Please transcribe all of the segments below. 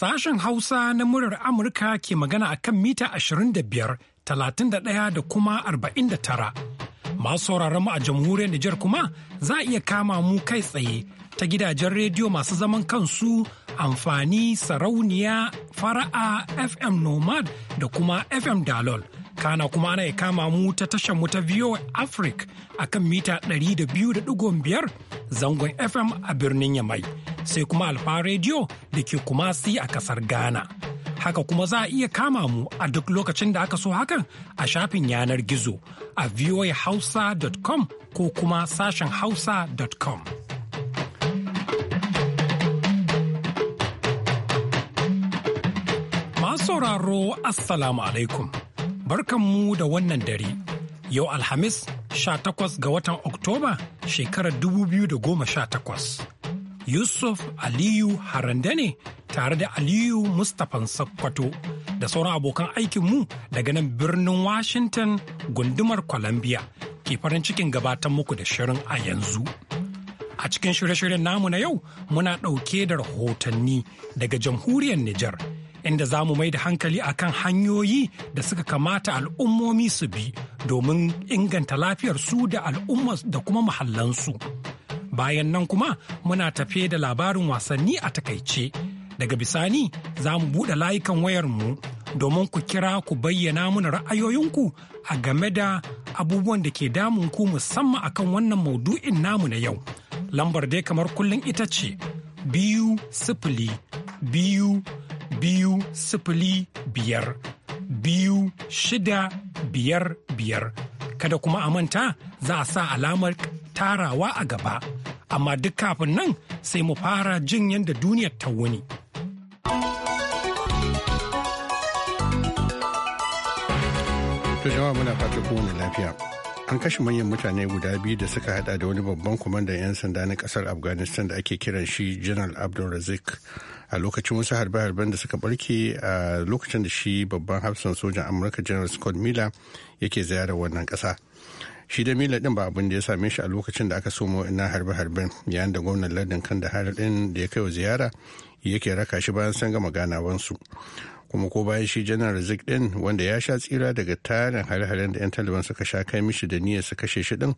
Sashen Hausa na murar Amurka ke magana a kan mita 25, 31 da kuma 49. Masu sauraron mu a jamhuriyar Nijar kuma za a iya kama mu kai tsaye ta gidajen rediyo masu zaman kansu amfani sarauniya fara'a FM Nomad da kuma FM Dalol. Kana kuma ana iya kama mu ta tashar mu ta VOA Africa a kan mita 200.5 zangon FM a birnin Yamai, sai kuma Alfa Radio da ke Kumasi a kasar Ghana. Haka kuma za a iya kama mu a duk lokacin da aka so hakan a shafin yanar gizo a voahausa.com ko kuma sashen hausa.com. Masu sauraro Assalamu alaikum, barkan mu da wannan dare, yau Alhamis 18 ga watan Oktoba shekarar 2018. Yusuf Aliyu Harande ne tare da Aliyu Mustapha Sakkwato da sauran abokan aikinmu daga nan birnin Washington gundumar Columbia ke farin cikin gabatan muku da shirin a yanzu. A cikin shirye-shiryen namu na yau muna ɗauke da rahotanni daga jamhuriyar Nijar. inda za mu mai da hankali a kan hanyoyi da suka kamata al'ummomi su bi domin inganta lafiyar su da al'umma da kuma mahallansu. Bayan nan kuma muna tafe da labarin wasanni a takaice. Daga bisani za mu buɗe layukan wayarmu domin ku kira ku bayyana mana ra'ayoyinku a game da abubuwan da ke damun ku musamman akan wannan maudu'in namu na yau. Lambar dai kamar kullum ita ce biyu sifili biyu biyu sifili biyar biyu shida biyar biyar kada kuma a manta za a sa alamar tarawa a gaba amma duk kafin nan sai mu fara jin yadda duniyar ta wuni. To jama'a muna fata kowane lafiya. an kashe manyan mutane guda biyu da suka hada da wani babban kwamandan 'yan sanda na kasar afghanistan da ake kiran shi general abdulrazik a lokacin wasu harbe-harben da suka barke a lokacin da shi babban hafsan sojan amurka general scott miller yake ziyarar wannan kasa shi da miller din ba abin da ya same shi a lokacin da aka somo ina harbe-harben yayin da gwamnan lardin kan da har din da ya kai wa ziyara yake raka shi bayan sun gama ganawansu kuma ko bayan shi janar zik din wanda ya sha tsira daga tarin hare-haren da 'yan taliban suka sha kai mishi da niyyar su kashe shi din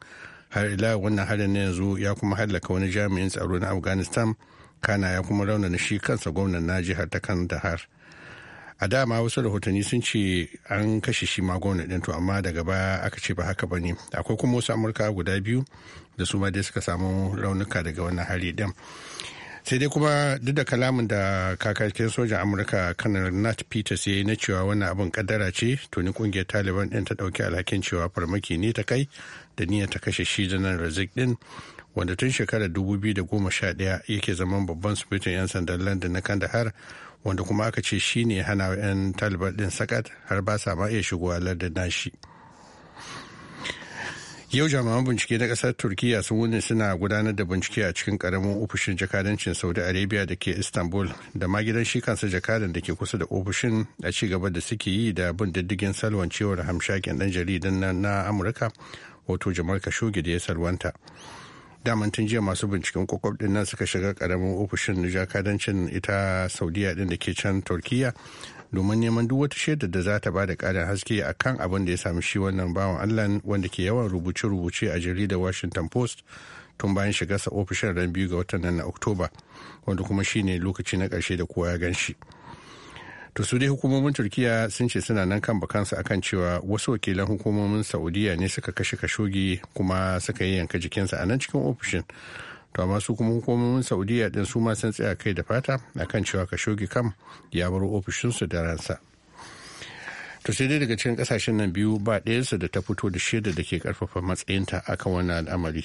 har ila wannan harin na yanzu ya kuma hallaka wani jami'in tsaro na afghanistan kana ya kuma raunana shi kansa gwamnan na jihar ta kandahar a dama wasu rahotanni sun ce an kashe shi ma gwamna din to amma daga baya aka ce ba haka bane akwai kuma wasu amurka guda biyu da su ma dai suka samu raunuka daga wannan hari din. sai dai kuma duk da kalamin da kakakin sojan amurka kanar nat peters ya yi na cewa wannan abin kadara ce tuni kungiyar taliban din ta dauki alhakin cewa farmaki ne ta kai da niyyar ta kashe shi janar razik din wanda tun shekarar 2011 yake zaman babban sufetin 'yan sandan london na kandahar wanda kuma aka ce shi ne hana 'yan taliban din sakat har ba sa ma iya shigowa lardin nashi. shi yau jami'an bincike na kasar turkiya sun wuni suna gudanar da bincike a cikin karamin ofishin jakadancin saudi arabia da ke istanbul da ma gidan shi kansa jakadan da ke kusa da ofishin a ci gaba da suke yi da bin diddigin salwan cewar hamshakin dan jaridan nan na amurka wato jamal khashoggi da ya salwanta daman tun jiya masu binciken kwakwab din suka shiga karamin ofishin jakadancin ita saudiya din da ke can turkiya domin neman duk wata shaida da za ta ba da ƙarin haske a kan abin da ya sami shi wannan bawan allah wanda ke yawan rubuce-rubuce a jaridar washington post tun bayan shiga sa ofishin ran biyu ga watan nan na oktoba wanda kuma shi ne lokaci na ƙarshe da kowa ya gan shi to su dai hukumomin turkiya sun ce suna nan kan bakansu akan cewa wasu wakilan hukumomin saudiya ne suka kashe kashogi kuma suka yi yanka jikinsa a nan cikin ofishin to amma su kuma hukumomin saudiya din su ma sun tsaya kai da fata akan cewa ka shoge kam ya bar ofishinsu da ransa to sai dai daga cikin kasashen nan biyu ba ɗayansu da ta fito da shaida da ke karfafa matsayinta akan wannan al'amari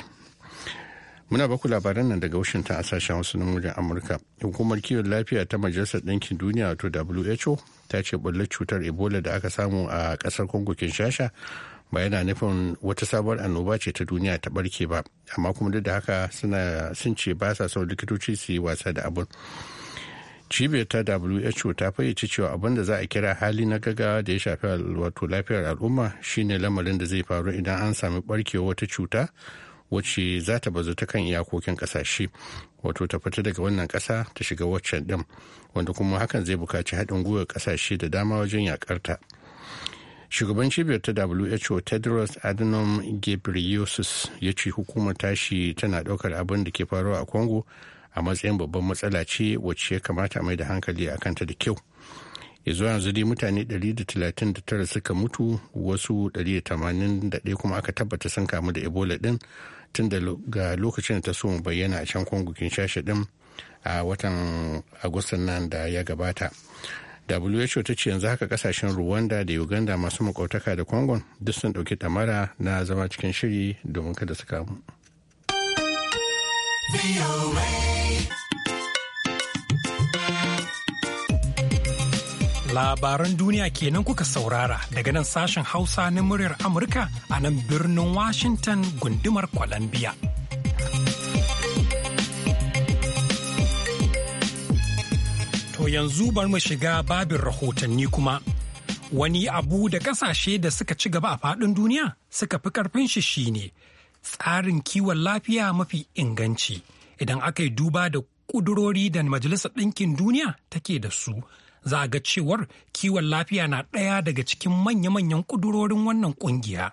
muna baku labaran nan daga washington a sashen wasu na amurka hukumar kiwon lafiya ta majalisar ɗinkin duniya wato who ta ce bullar cutar ebola da aka samu a ƙasar kongo kinshasa ba yana nufin wata sabuwar annoba ce ta duniya ta barke ba amma kuma duk da haka suna sun ce ba sa son likitoci su yi wasa da abun cibiyar ta who ta fayyace cewa abin da za a kira hali na gaggawa da ya shafi wato lafiyar al'umma shine lamarin da zai faru idan an sami barkewar wata cuta wacce za ta bazu ta kan iyakokin kasashe wato ta fita daga wannan kasa ta shiga waccan din wanda kuma hakan zai bukaci haɗin gwiwar kasashe da dama wajen yakarta. shugaban cibiyar ta who tedros adhanom ghebreyesus ya ce hukumar tashi tana daukar abin da ke faruwa a congo a matsayin babban matsala ce wacce ya kamata mai da hankali a kanta da kyau ya zuwa yanzu dai mutane 139 suka mutu wasu 181 kuma aka tabbata sun kamu da ebola din tun ga lokacin da ta so mu bayyana a can congo kinshasa din a watan agustan nan da ya gabata who ta ce yanzu haka kasashen rwanda da uganda masu makautaka da congo duk sun ɗauki tamara na zama cikin shiri domin kada su kamu labaran duniya kenan kuka saurara daga nan sashen hausa na muryar amurka a nan birnin washington gundumar columbia yanzu bar mu shiga babin rahotanni kuma. Wani abu da kasashe da suka ci gaba a faɗin duniya suka fi ƙarfin shi shine tsarin kiwon lafiya mafi inganci idan aka yi duba da ƙudurori da Majalisar Ɗinkin Duniya take da su. Za a ga cewar kiwon lafiya na ɗaya daga cikin manya-manyan ƙudurorin wannan ƙungiya.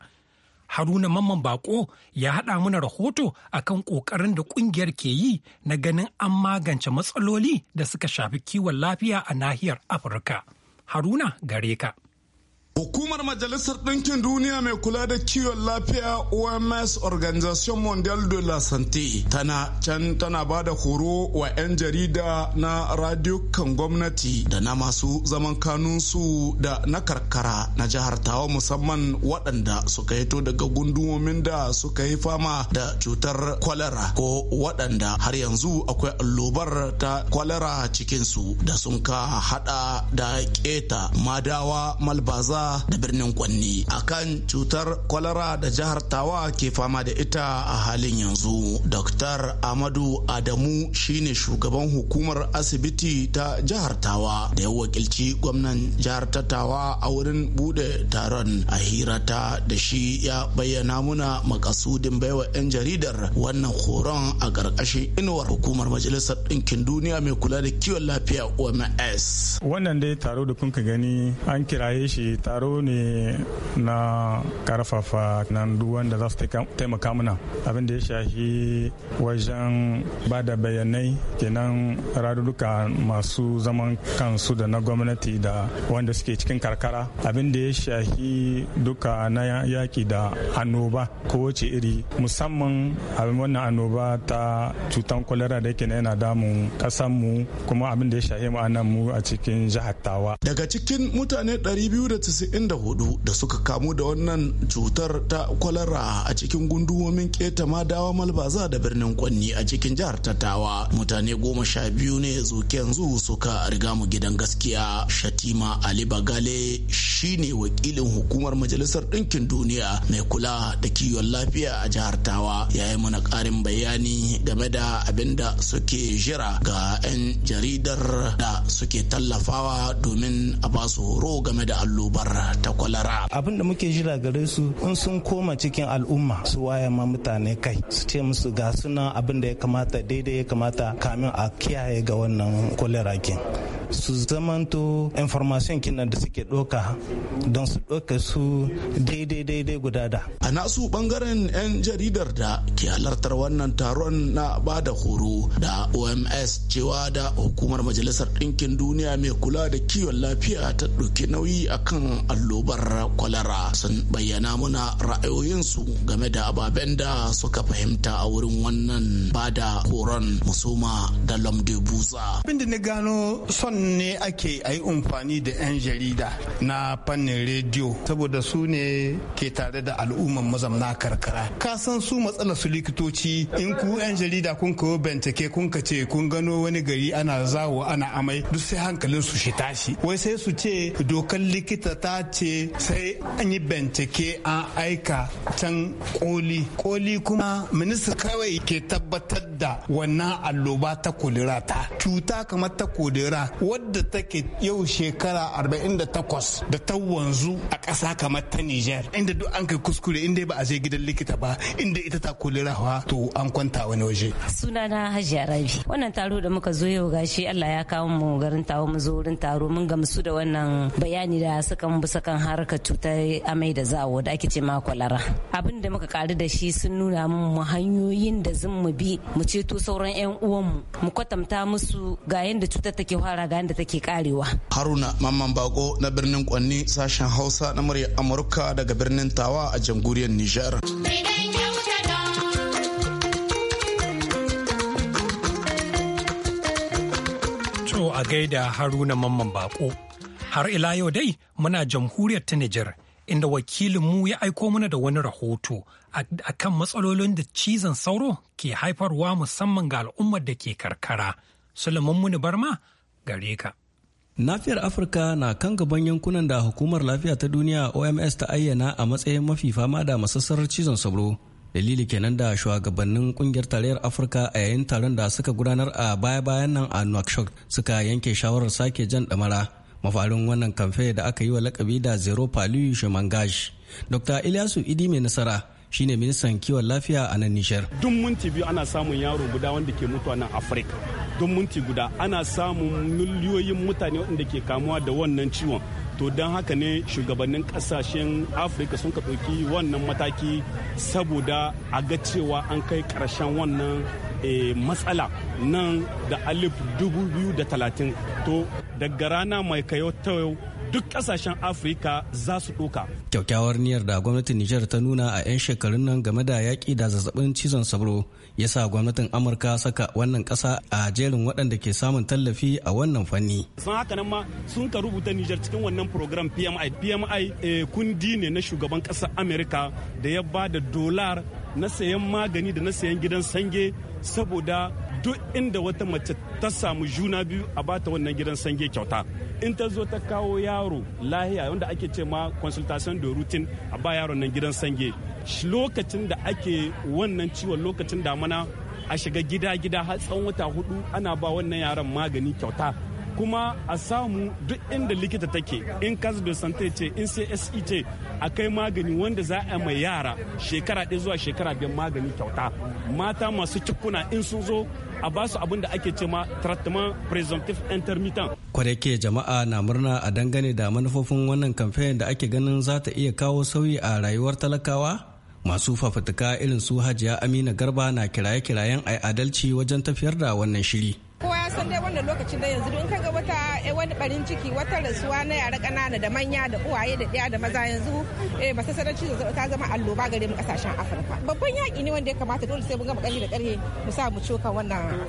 Haruna Mamman Bako ya haɗa mana rahoto a kan ƙoƙarin da ƙungiyar ke yi na ganin an magance matsaloli da suka shafi kiwon lafiya a nahiyar Afirka. Haruna gare ka. Hukumar Majalisar Ɗinkin Duniya mai kula da kiwon lafiya OMS Organization Mondial de la Santé tana can tana ba da horo wa 'yan jarida na kan gwamnati da na masu zaman kanunsu da na karkara na jihar Tawa musamman waɗanda suka hito daga gundumomin da suka yi fama da cutar kwalara ko waɗanda har yanzu akwai allobar ta kwalara cikinsu da sun ka hada da keta madawa malbaza da birnin Kwanni akan cutar kwalara da jihar Tawa ke fama da ita a halin yanzu. Dr. Amadu Adamu shine shugaban hukumar asibiti ta jihar Tawa da ya wakilci gwamnan jihar ta Tawa a wurin bude taron a hirata da shi ya bayyana muna makasudin baiwa 'yan jaridar wannan horon a ƙarƙashin inuwar hukumar majalisar ɗinkin duniya mai kula da kiwon lafiya OMS. Wannan dai taro da kun ka gani an kiraye shi ta taro ne na karfafa nan duk wanda za su taimaka mana abin da ya shafi wajen ba da bayanai kenan raduduka masu zaman kansu da na gwamnati da wanda suke cikin karkara abin da ya shafi duka na yaki da annoba kowace iri musamman abin wannan annoba ta cutan kwalara da yake yana damun kasanmu kuma abin da ya shafi mu mu a cikin jihar tawa daga cikin mutane 290 94 da suka kamu da wannan cutar ta kwalara a cikin gundumomin keta madawa malbaza da birnin kwanni a cikin jihar tattawa mutane goma sha biyu ne zuke yanzu suka riga mu gidan gaskiya shatima ali bagale shine wakilin hukumar majalisar ɗinkin duniya mai kula da kiwon lafiya a jihar tawa ya yi mana ƙarin bayani game da abin da suke jira ga 'yan jaridar da suke tallafawa domin a basu horo game da allobar ta kwalara. Abin da muke jira gare su in sun koma cikin al'umma su waye ma mutane kai su ce musu ga suna abin da ya kamata daidai ya kamata kamin a kiyaye ga wannan kwalara su zamanto information kina da suke ɗauka don su doka su daidai daidai guda da a nasu bangaren 'yan jaridar da ke halartar wannan taron na bada horo da oms cewa da hukumar majalisar ɗinkin duniya mai kula da kiwon lafiya ta ɗauki nauyi a kan allobar kwalara sun bayyana muna ra'ayoyinsu game da ababen da suka fahimta a wurin wannan bada horon musoma da lamdebuza abin da na gano son ne ake a yi umfani da 'yan jarida na fannin rediyo saboda su ne ke tare da al'umman mazamna karkara ka san su matsalar su likitoci in ku 'yan jarida kun kawo bincike kun ka ce kun gano wani gari ana zawo ana amai duk sai hankalin su shi tashi wai sai su ce dokar likita ta ce sai an yi bincike an aika can koli koli kuma minista kawai ke tabbatar da wannan alloba ta kolera ta cuta kamar ta kolera wadda take yau shekara 48 da ta wanzu a ƙasa kamar ta Nijar inda duk an kai kuskure inda ba a je gidan likita ba inda ita ta kolera to an kwanta wani waje. Sunana Hajiya Rabi. Wannan taro da muka zo yau gashi Allah ya kawo mu garin tawo mu zo wurin taro mun gamsu da wannan bayani da suka mu bisa kan harkar cutar amai da zawo da ake ce ma kwalara. Abin da muka karu da shi sun nuna mu hanyoyin da zan mu bi mu ceto sauran 'yan uwanmu mu kwatanta musu ga yadda cutar take fara propaganda take karewa. Haruna Mamman Bako na birnin Kwanni sashen Hausa na murya Amurka daga birnin Tawa a jamhuriyar Nijar. To a gaida Haruna Mamman Bako. Har ila yau dai muna jamhuriyar ta Nijar inda wakilinmu ya aiko mana da wani rahoto a kan matsalolin da cizon sauro ke haifarwa musamman ga al'ummar da ke karkara. Sulaiman Muni Barma gare ka. Nafiyar Afirka na kan gaban yankunan da hukumar lafiya ta duniya OMS ta ayyana a matsayin mafi fama da masassarar cizon sauro. Dalili kenan da shugabannin kungiyar tarayyar Afirka a yayin taron da suka gudanar a baya-bayan nan a Nouakchott suka yanke shawarar sake jan damara. Mafarin wannan kamfe da aka yi wa lakabi da Zero Palu Shemangaj. Dr. Ilyasu Idi mai nasara shine ministan kiwon lafiya a nan Nijar. Duk minti biyu ana samun yaro guda wanda ke mutuwa nan Afirka. don minti guda ana samun miliyoyin mutane waɗanda ke kamuwa da wannan ciwon to don haka ne shugabannin kasashen afirka sun ɗauki wannan mataki saboda a ga cewa an kai ƙarshen wannan eh, matsala nan da alif dubu biyu da talatin to daga rana mai kayo ta duk kasashen afirka za su ɗoka kyakkyawar niyyar da gwamnatin nijar ta nuna a 'yan shekarun nan game da yaƙi da zazzabin cizon sauro ya sa gwamnatin amurka saka wannan ƙasa a jerin waɗanda ke samun tallafi a wannan fanni sun haka nan ma sun ka rubuta nijar cikin wannan program pmi pmi eh, kundi ne na shugaban ƙasar amurka da ya ba da dolar na sayan magani da na sayan gidan sange saboda duk inda wata mace ta samu juna biyu a bata wannan gidan sange kyauta in ta zo ta kawo yaro lahiya wanda ake ce ma consultation da routine a ba yaron nan gidan sange lokacin da ake wannan ciwon lokacin damana a shiga gida-gida har tsawon wata hudu ana ba wannan yaron magani kyauta kuma a samu duk inda likita take in cas de sante ce in sai ce a kai magani wanda za a mai yara shekara ɗaya zuwa shekara biyar magani kyauta mata masu cikuna in sun zo a ba su abin da ake ce ma, traitement presumptive intermittent kwareke jama'a na murna a dangane da manufofin wannan kamfen da ake ganin za ta iya kawo sauyi a rayuwar talakawa masu fafutuka irin su hajiya amina garba na kiraye-kirayen ai adalci wajen tafiyar da wannan shiri kowa ya san dai wanda lokacin da yanzu in kaga wata eh, wani barin ciki wata rasuwa na yara kanana da manya da uwaye da ɗaya da maza yanzu eh ba sasarar cizon ta zama alloba gare mu kasashen Afirka babban yaki ne wanda ya kamata dole sai mun gama ƙarfi da ƙarfi mu sa mu coka wannan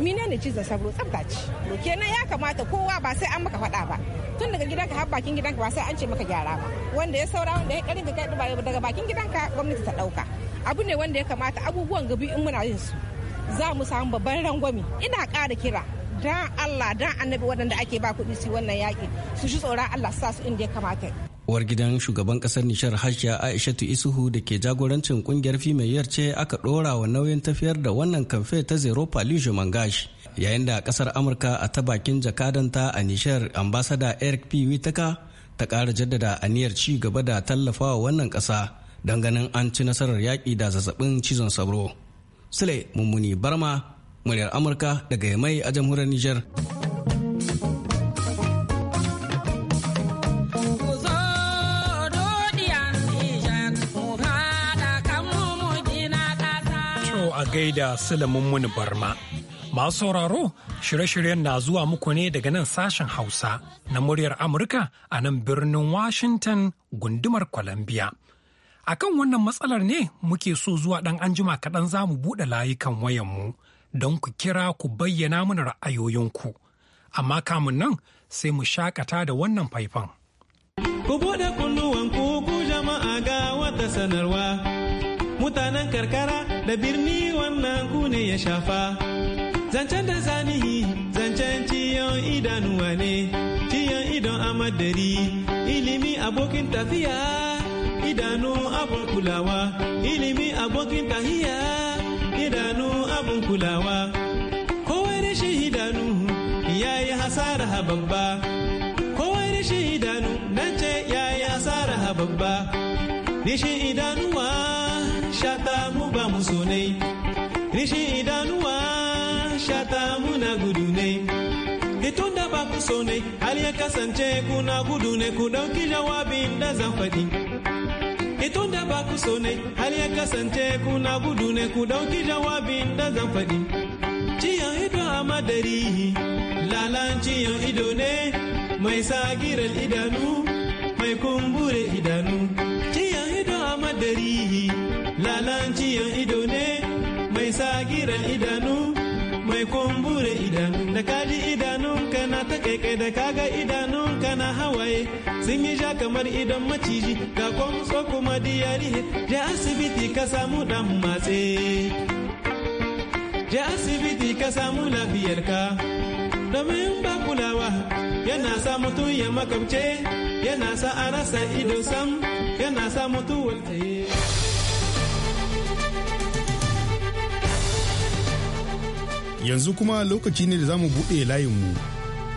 mine ne cizon sabro tsabta ce kenan ya kamata kowa ba sai an maka faɗa ba tun daga gidanka har bakin gidanka ba sai an ce maka gyara ba wanda ya saura wanda ya karin ka kai daga bakin gidanka gwamnati ta ɗauka abu ne wanda ya kamata abubuwan gabi in muna yin su za mu samu babban rangwami ina kara kira dan Allah dan annabi waɗanda ake ba kuɗi su wannan yaƙi su ji tsoron Allah sa su inda ya kamata. Uwar gidan shugaban kasar Nishar Hajiya Aishatu Isuhu da ke jagorancin kungiyar Fimayyar ce aka ɗora wa nauyin tafiyar da wannan kamfe ta Zero Paliju Mangash. Yayin da kasar Amurka a ta bakin jakadanta a Nishar ambasada Eric P. Witaka ta ƙara jaddada aniyar ci gaba da tallafawa wannan ƙasa don ganin an ci nasarar yaƙi da zazzabin cizon sauro. Sule Mummuni Barma, muryar Amurka daga Yamai a jamhuriyar Nijar. a gaida Sulaimun Barma. Masu sauraro, shirye-shiryen na zuwa muku ne daga nan sashen Hausa na muryar Amurka a nan birnin Washington gundumar Columbia. akan wannan matsalar ne muke so zuwa ɗan anjima kaɗan za mu buɗe layukan wayanmu don ku kira ku bayyana mana ra'ayoyinku amma kamun nan sai mu shakata da wannan faifan. Ku buɗe kunnuwan ku jama'a ga wata sanarwa mutanen karkara da birni wannan ku ne ya shafa. Zancen da zanihi zancen ciyon idanuwa ne ciyon idon amadari ilimi abokin tafiya idanu abun kulawa ilimi abokin tahiya idanu abun kulawa kowai rashin idanu ya yi hasara babba kowai rashin idanu nan ce ya yi hasara babba rashin idanuwa shata mu ba mu sonai rashin idanuwa shata mu na gudu ne Itun da ba ku so ne har ya kasance kuna gudu ne ku ɗauki jawabin da zan faɗi. Itun da ba ku so ne, hal ya kasance kuna gudu ne ku dauki jawabin da zan faɗi. Ciyan ido a madari, lalan ciyan ido ne, mai sagirar idanu, mai kumbure idanu. Ciyan ido a madari, lalan ciyan ido ne, mai sagirar idanu, mai kumbure idanu. Da kaji idanunka na ta kaikai da kaga idanu. gana hawaye sun yi ja kamar idan maciji ga kwamso kuma diyarihe je asibiti ka samu dan matse je asibiti ka samu lafiyarka domin ba kulawa yana sa mutum ya makamce yana sa a rasa ido sam yana sa mutuwar tsaye yanzu kuma lokaci ne da za mu buɗe layinmu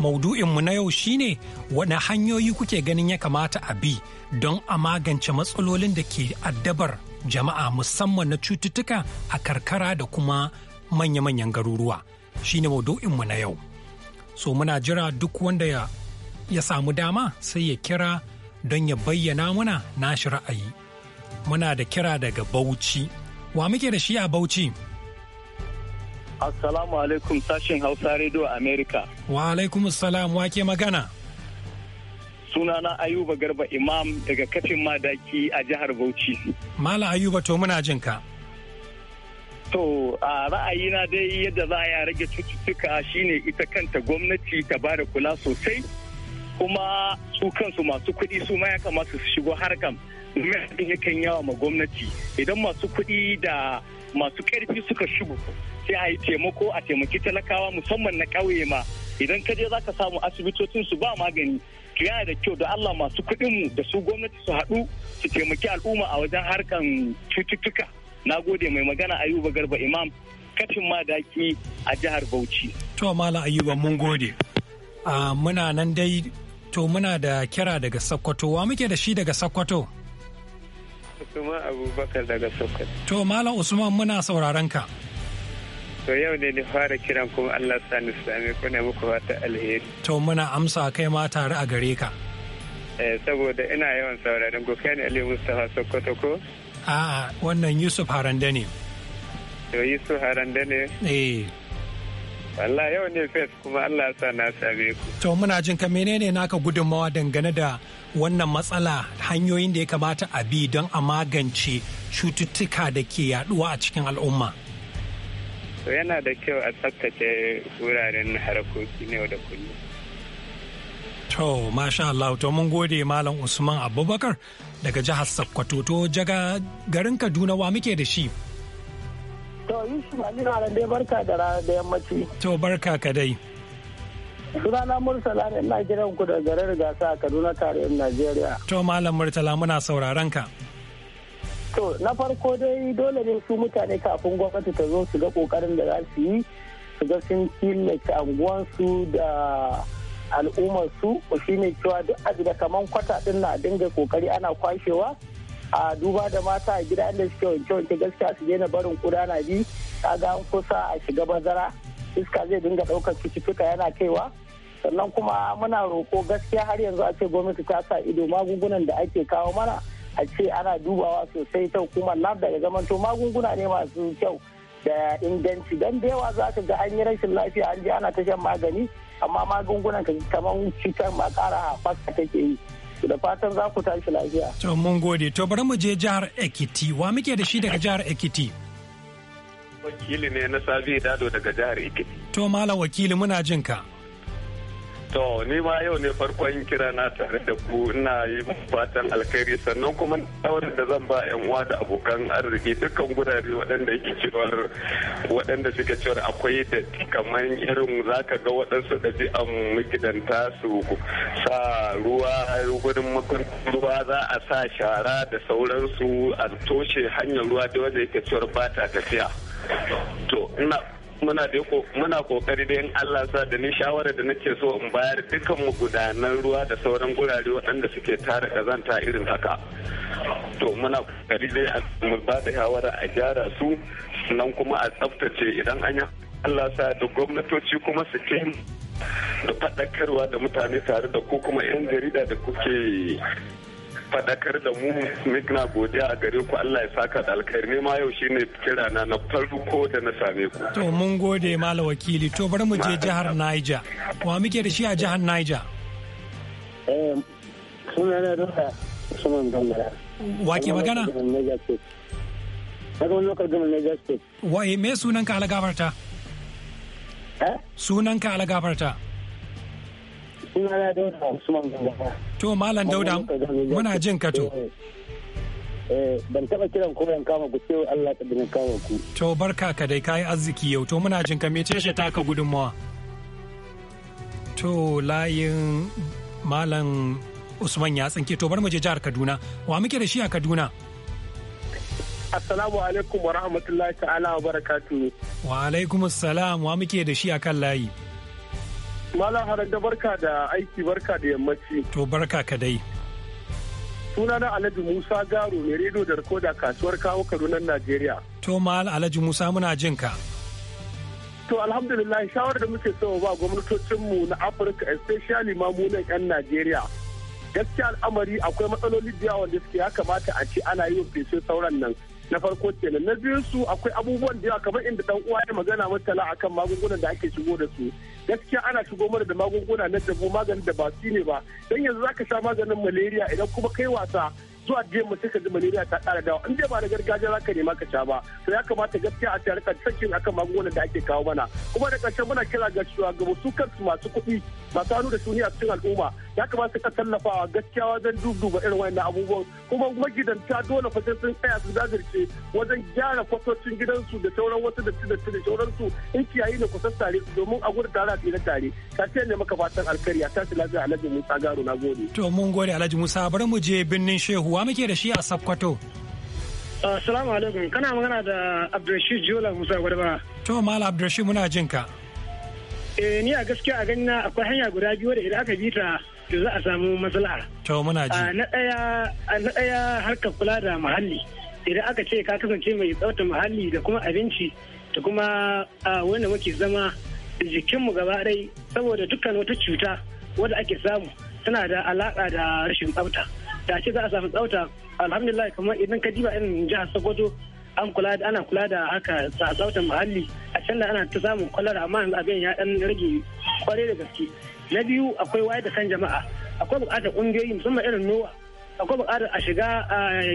Maudu'inmu na yau shine wane hanyoyi kuke ganin ya kamata a bi don a magance matsalolin da ke addabar jama'a musamman na cututtuka a karkara da kuma manya-manyan garuruwa shine maudu'inmu na yau. So muna jira duk wanda ya, samu dama sai ya kira don ya bayyana muna nashi ra'ayi. Muna da kira daga Bauchi. Wa muke da shi a Bauchi? Assalamu alaikum sashen Hausa Radio America. Wa alaikum wa wake magana. Sunana Ayuba Garba Imam daga kafin madaki a jihar Bauchi. Mala Ayuba to muna jin To a ra'ayina dai yadda za a rage cututtuka shine ita kanta gwamnati ta ba da kula sosai kuma su kansu masu kuɗi su ma ya kamata su shigo harkam domin yakan yawa ma gwamnati idan masu kuɗi da masu karfi suka shigo sai a yi taimako a taimaki talakawa musamman na ƙauye ma idan ka je zaka samu asibitocin su ba magani to yana da kyau da Allah masu kuɗin mu da su gwamnati su haɗu su taimaki al'umma a wajen harkan cututtuka na gode mai magana ayuba garba imam kafin madaki a jihar bauchi to mala ayuba mun gode ah, muna nan dai to muna da kira daga Sokoto wa muke da shi daga Sokoto Usman Abubakar daga Sokoto. To Malam Usman muna sauraron ka. To yau ne ni fara kiran kuma Allah sani sami kuna muku fata alheri. To muna amsa kai ma tare a gare ka. Eh saboda ina yawan sauraron ku ne Ali Mustafa Sokoto ko? A'a wannan Yusuf Harande ne. To Yusuf Harande ne? Eh. Allah yau ne fes kuma Allah sa na same ku. To muna jin ka menene naka gudunmawa dangane da wannan matsala hanyoyin da ya kamata a bi don a magance cututtuka da ke yaduwa a cikin al'umma. To yana da kyau a tsaftace wuraren harkoki ne da kullum. To, masha Allah, to mun gode Malam Usman Abubakar daga jihar Sokoto to jaga garin Kaduna wa muke da shi. To Yusuf Ali na dai barka da da yammaci. To barka ka dai. Sunana Murtala ne ina ku da garin gasa a Kaduna tarihin Najeriya. To Malam Murtala muna sauraron ka. To na farko dai dole ne su mutane kafin gwamnati ta zo su ga kokarin da za su yi su ga sun killace anguwansu da al'ummarsu su shine cewa duk abu da kaman kwata din na dinga kokari ana kwashewa a duba da mata a gida inda suke wanke-wanke gaskiya su daina barin kuda na bi kaga an kusa a shiga bazara iska zai dinga ɗaukar cututtuka yana kaiwa sannan kuma muna roko gaskiya har yanzu a ce gwamnati ta sa ido magungunan da ake kawo mana a ce ana dubawa sosai ta hukumar lab daga zamanto magunguna ne masu kyau da inganci dan da yawa za ka ga an yi rashin lafiya an je ana ta shan magani amma magungunan kamar cutar ma a haɓaka take yi da fatan za ku tashi lafiya. To mun gode, to bari mu je jihar Ekiti, wa muke da shi daga jihar Ekiti? Wakili ne na Sabi Dado daga jihar Ekiti. To Malam wakili muna jin ka. To ni ma yau ne farkon kira na tare da ku ina yi fatan alkhairi sannan kuma tsawon da zan ba yan uwa da abokan arziki dukkan gurare waɗanda yake cewar waɗanda suke cewar akwai da kamar irin zaka ga waɗansu da ji an migidanta su sa ruwa gudun ruwa za a sa shara da sauransu a toshe hanyar ruwa da wanda yake cewar ba ta tafiya. To ina muna da muna kokari da in Allah sa da ni shawara da nake so in bayar dukkan magudanan ruwa da sauran gurare waɗanda suke tara kazanta irin haka to muna kokari dai mu ba da shawara a gyara su nan kuma a tsaftace idan an yi Allah sa da gwamnatoci kuma su da faɗakarwa da mutane tare da ku kuma 'yan jarida da kuke faɗakar da mu mikna godiya a gare ku Allah ya saka da alkhairi ne ma yau ne kira na na farko da na same ku to mun gode mala wakili to bari mu je jihar Niger wa muke da shi a jihar Niger Wake sunana Dauda Usman Dangara wa ke magana daga wani lokacin gama Niger State wa me sunanka alagabarta eh sunanka alagabarta Sunana Dauda Usman Gangara. To Malam Dauda muna jin ka to. Eh, eh, ban taba kiran ko kama ku sai Allah ka dinga kama ku. To barka ka dai kai arziki yau to muna jin ka mece shi taka gudunmawa. To layin Malam Usman ya tsinke to bar mu je jihar Kaduna. Wa muke da shi a Kaduna? Assalamu alaikum wa rahmatullahi ta'ala wa barakatuhu. Wa alaikum assalam wa muke da shi a kan layi. Malam da barka da aiki barka da yammaci. To barka ka dai. na Alhaji Musa Garo mai redo da rikoda kasuwar kawo Kaduna Najeriya. To mal Alhaji Musa muna jin ka. To alhamdulillah shawarar da muke so ba gwamnatocinmu na Afirka especially ma mu nan 'yan Najeriya. Gaskiya al'amari akwai matsaloli da yawa da suke ya kamata a ce ana yi wa sauran nan. na farko kenan na biyu su akwai abubuwan da yawa kamar inda dan uwa ya magana masala akan magungunan da ake shigo da su gaskiya ana shigo mana da magunguna na dabo maganin da ba su ne ba dan yanzu zaka sha maganin malaria idan kuma kai wasa zuwa da yamma sai ka ji malaria ta ƙara dawa in dai ba na gargajiya za ka nema ka sha ba to ya kamata gaskiya a tare ka sakin akan magungunan da ake kawo mana kuma da ƙarshen muna kira ga shugaban su kansu masu kuɗi masu hannu da suniya a cikin al'umma ya kamata ka tallafawa gaskiya wajen dubduba irin wannan abubuwan kuma magidanta dole fa sai sun tsaya su zazirce wajen gyara kwatocin gidansu da sauran wasu da su da su da sauransu in kiyayi ne kusassare tare domin a gudu tare a tsira tare ka ce ne maka fatan alkari ta tashi lafiya alhaji musa garo na gode. to mun gode alhaji musa bari mu je birnin shehu wa muke da shi a Sakkwato? Assalamu alaikum kana magana da Abdulrashid Jola Musa Gwadaba. To mala Abdulrashid muna jin ka. Eh, ni a gaskiya a ganin akwai hanya guda biyu da idan aka bi ta to za a samu matsala. To muna ji. Ah, na ɗaya ah, na ɗaya harkar kula da muhalli. Idan aka ce ka kasance mai tsafta muhalli da kuma abinci da kuma ah, wanda muke zama jikinmu gaba ɗai saboda dukkan wata cuta wadda ake samu tana da alaƙa da rashin tsafta. da ce za a samu tsauta alhamdulillah kamar idan ka diba irin jihar sokoto an kula da ana kula da haka tsauta muhalli a can da ana ta samun kwalara amma yanzu abin ya dan rage kwarai da gaske na biyu akwai wayar da kan jama'a akwai bukatar kungiyoyi musamman irin nowa akwai bukatar a shiga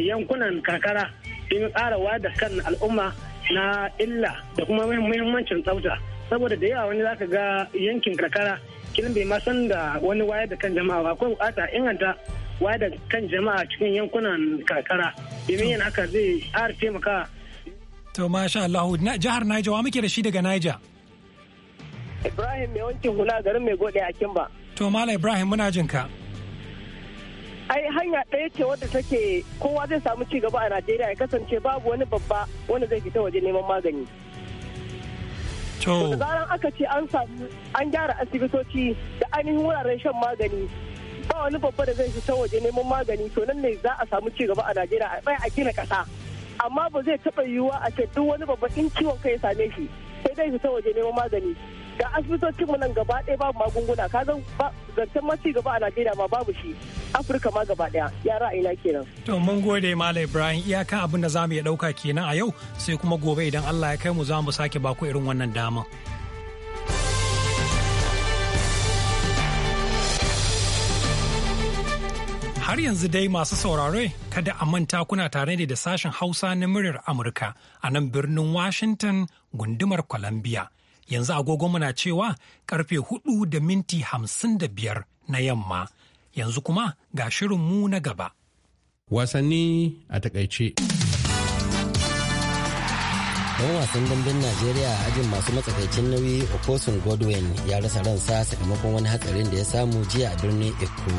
yankunan karkara don ƙara wayar da kan al'umma na illa da kuma muhimmancin tsauta saboda da yawa wani zaka ga yankin karkara kiran bai ma san da wani wayar da kan jama'a akwai bukata inganta da kan jama'a cikin yankunan karkara domin yin haka zai har taimaka to masha Allah jihar Niger wa muke da shi daga Niger Ibrahim mai wankin hula garin mai gode a Kimba to mala Ibrahim muna jin ka ai hanya ɗaya ce wadda take kowa zai samu ci gaba a Najeriya ya kasance babu wani babba wanda zai fita waje neman magani To. Da zaran aka ce an samu an gyara asibitoci da ainihin wuraren shan magani ba wani babba da zai fita waje neman magani to nan ne za a samu ci gaba a najeriya a tsaya a gina kasa amma ba zai taɓa yiwuwa a ce duk wani babba in ciwon kai ya same shi sai dai fita waje neman magani ga mu nan gaba ɗaya babu magunguna ka zan zancen ma ci gaba a najeriya ma babu shi afirka ma gaba ɗaya ya ina kenan. to mun gode malam ibrahim iyaka abin da za mu ɗauka kenan a yau sai kuma gobe idan allah ya kai mu zamu mu sake baku irin wannan dama. Har yanzu dai masu saurare kada a manta kuna tare ne da sashen Hausa na muryar Amurka a nan birnin Washington gundumar Columbia. Yanzu agogo muna cewa karfe hudu da minti hamsin da biyar na yamma. Yanzu kuma ga mu na gaba. Wasanni a takaice. dan wasan damben najeriya a ajin masu matsakaicin nauyi okosun godwin ya rasa ransa sakamakon wani hatsarin da ya samu jiya a birnin eko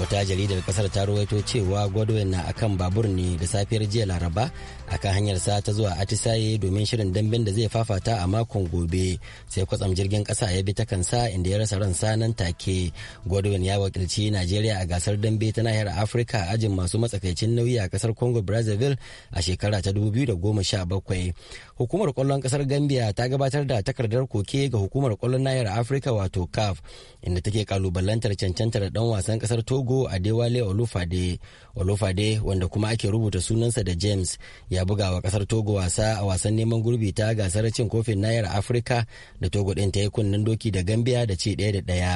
wata jaridar kasar ta ruwaito cewa godwin na akan babur ne da safiyar jiya laraba akan hanyarsa ta zuwa atisaye domin shirin damben da zai fafata a makon gobe sai kwatsam jirgin kasa ya bi ta kansa inda ya rasa ransa nan take godwin ya wakilci najeriya a gasar dambe ta nahiyar afirka ajin masu matsakaicin nauyi a kasar congo brazzaville a shekara ta dubu biyu da goma sha bakwai hukumar kwallon kasar gambia ta gabatar da takardar koke ga hukumar kwallon nahiyar afirka wato caf inda take kalubalantar cancantar dan wasan kasar togo togo adewale olufade olufade wanda kuma ake rubuta sunansa da james ya buga wa kasar togo wasa a wasan neman gurbi ta gasar cin kofin nayar afirka da togo din ta yi kunnen doki da gambia da ce ɗaya da ɗaya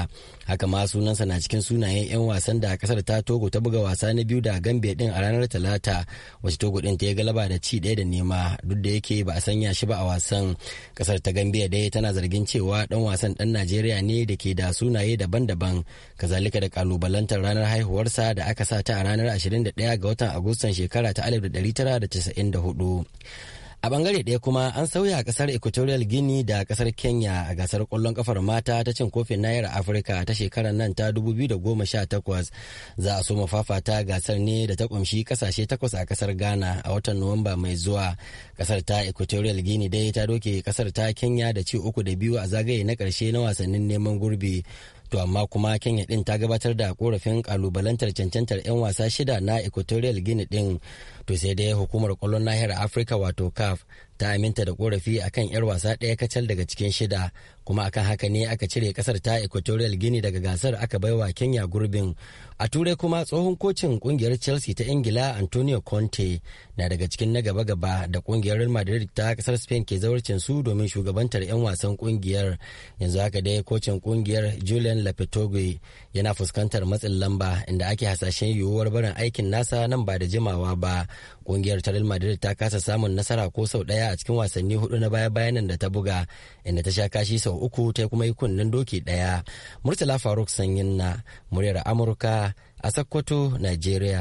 haka ma sunansa na cikin sunayen 'yan wasan da kasar ta togo ta buga wasa na biyu da gambia din a ranar talata wacce togo din ta yi galaba da ci ɗaya da nema duk da yake ba a sanya shi ba a wasan kasar ta gambia dai tana zargin cewa dan wasan dan najeriya ne da ke da sunaye daban-daban kazalika da kalubalantar ranar ranar haihuwarsa da aka sa ta a ranar 21 ga watan Agustan shekara ta 1994. A bangare ɗaya kuma an sauya ƙasar Equatorial Guinea da ƙasar Kenya a gasar ƙwallon ƙafar mata ta cin kofin nayar Afirka ta shekarar nan ta 2018 za a so mafafata gasar ne da ta ƙunshi ƙasashe takwas a ƙasar Ghana a watan Nuwamba mai zuwa. ƙasar ta Equatorial Guinea dai ta doke kasar ta Kenya da ci uku da biyu a zagaye na ƙarshe na wasannin neman gurbi. to amma kuma kenya din ta gabatar da korafin kalubalantar cancantar 'yan wasa shida na equatorial guinea din to sai dai hukumar kwallon nahiyar afirka wato caf ta aminta da korafi akan 'yar wasa ɗaya kacal daga cikin shida kuma akan haka ne aka cire kasar ta equatorial guinea daga gasar aka baiwa kenya gurbin a turai kuma tsohon kocin kungiyar chelsea ta ingila antonio conte na daga cikin na gaba-gaba da kungiyar real madrid ta kasar spain ke zawarcin su domin shugabantar 'yan wasan kungiyar yanzu haka dai kocin kungiyar julian lapetogui yana fuskantar matsin lamba inda ake hasashen yiwuwar barin aikin nasa nan ba da jimawa ba kungiyar ta real madrid ta kasa samun nasara ko sau daya a cikin wasanni hudu na baya-bayanan da ta buga inda ta sha kashi sau sau uku ta kuma yi kunnen doki ɗaya. Murtala Faruk Sanyin na muryar Amurka a sakkwato Najeriya.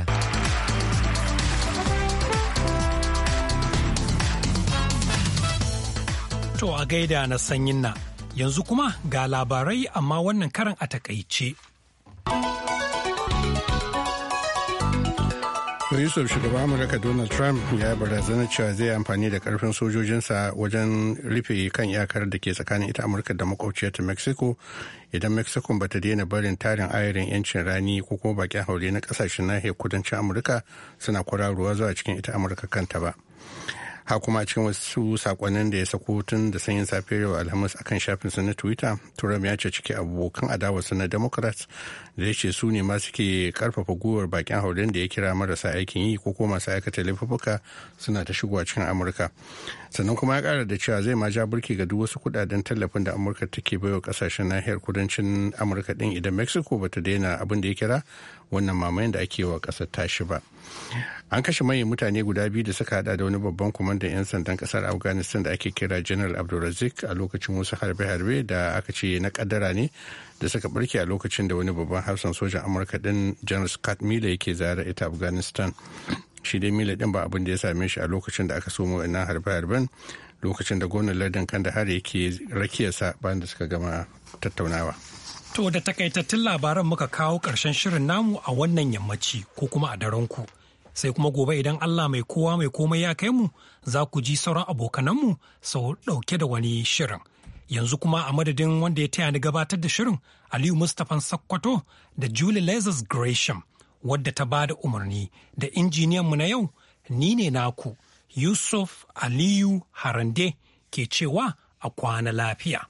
To a gaida na sanyin na yanzu kuma ga labarai amma wannan karan a takaice. yusuf shugaban amurka donald trump ya barazana cewa zai amfani da karfin sojojinsa wajen rufe kan iyakar da ke tsakanin ita amurka da makwabciyarta mexico idan mexico ba ta daina barin tarin ayarin yancin rani ko kuma bakin haure na kasashen nahiyar kudancin amurka suna kwararowa zuwa cikin ita amurka kanta ba ha kuma cikin wasu sakonnin da ya sako tun da sanyin safiyar yau alhamis akan shafinsa na twitter trump ya ce ciki abokan adawarsa na democrats da ya ce su ne ma suke karfafa gowar bakin hauren da ya kira marasa aikin yi ko ko masu aikata laifuka suna ta shigowa cikin amurka sannan kuma ya kara da cewa zai ma ja burki ga duk wasu kudaden tallafin da amurka take baiwa kasashen nahiyar kudancin amurka din idan mexico bata daina abin da ya kira wannan mamayin da ake wa kasar tashi ba an kashe manyan mutane guda biyu da suka hada da wani babban kwamandan 'yan sandan kasar afghanistan da ake kira general abdulrazik a lokacin wasu harbe-harbe da aka ce na kaddara ne da suka barke a lokacin da wani babban hafsan sojan amurka din general scott miller yake zara ita afghanistan shi dai miller din ba abin da ya same shi a lokacin da aka somo ina harbe-harben lokacin da gwamnan lardin kandahar yake rakiyarsa bayan da suka gama tattaunawa to da takaitattun labaran muka kawo karshen shirin namu a wannan yammaci ko kuma a daren ku sai kuma gobe idan allah mai kowa mai komai ya kai mu za ku ji sauran abokananmu sau dauke da wani shirin yanzu kuma a madadin wanda ya taya ni gabatar da shirin aliyu mustapha sakkwato da julie lazarus gresham wadda ta bada umarni da injiniyanmu na yau ni ne naku yusuf aliyu harande ke cewa a kwana lafiya